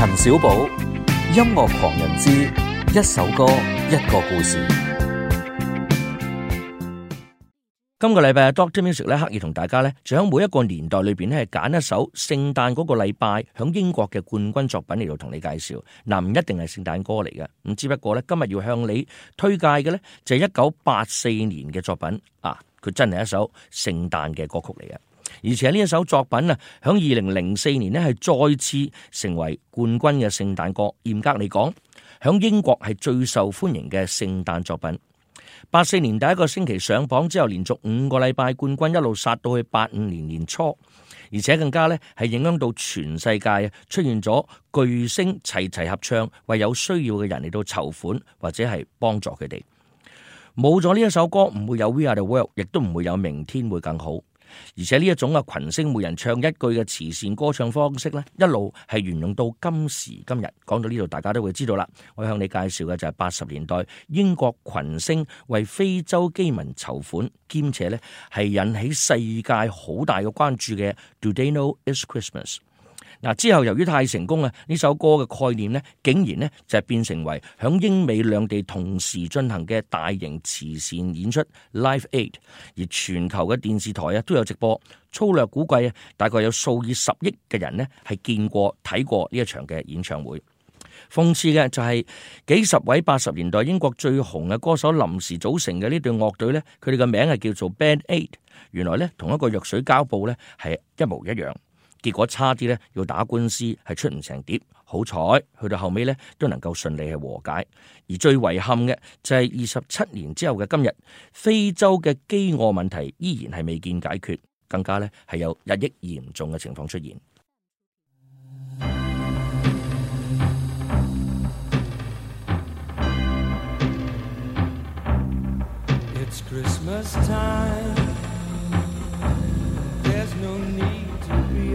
陳少寶，音樂狂人之一首歌一個故事。今個禮拜啊，Dr. Music 咧刻意同大家咧，就喺每一個年代裏邊咧，係揀一首聖誕嗰個禮拜響英國嘅冠軍作品嚟度同你介紹。嗱，啊，唔一定係聖誕歌嚟嘅，咁只不過咧，今日要向你推介嘅咧，就係一九八四年嘅作品啊，佢真係一首聖誕嘅歌曲嚟嘅。而且呢一首作品啊，響二零零四年咧係再次成為冠軍嘅聖誕歌。嚴格嚟講，響英國係最受歡迎嘅聖誕作品。八四年第一個星期上榜之後，連續五個禮拜冠軍，一路殺到去八五年年初。而且更加咧係影響到全世界出現咗巨星齊齊合唱，為有需要嘅人嚟到籌款或者係幫助佢哋。冇咗呢一首歌，唔會有 We Are the World，亦都唔會有明天會更好。而且呢一種嘅群星每人唱一句嘅慈善歌唱方式呢，一路係沿用到今時今日。講到呢度，大家都會知道啦。我向你介紹嘅就係八十年代英國群星為非洲飢民籌款，兼且呢係引起世界好大嘅關注嘅。Do They Know It's Christmas？嗱，之後由於太成功啊，呢首歌嘅概念咧，竟然咧就變成為響英美兩地同時進行嘅大型慈善演出 Live Aid，而全球嘅電視台啊都有直播。粗略估計啊，大概有數以十億嘅人咧係見過睇過呢一場嘅演唱會。諷刺嘅就係幾十位八十年代英國最紅嘅歌手臨時組成嘅呢隊樂隊咧，佢哋嘅名係叫做 Band Aid，原來咧同一個藥水膠布咧係一模一樣。結果差啲呢要打官司，係出唔成碟，好彩去到後尾呢都能夠順利去和解。而最遺憾嘅就係二十七年之後嘅今日，非洲嘅飢餓問題依然係未見解決，更加呢係有日益嚴重嘅情況出現。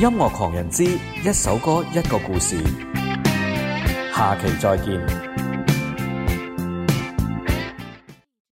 音樂狂人之一首歌一個故事，下期再見。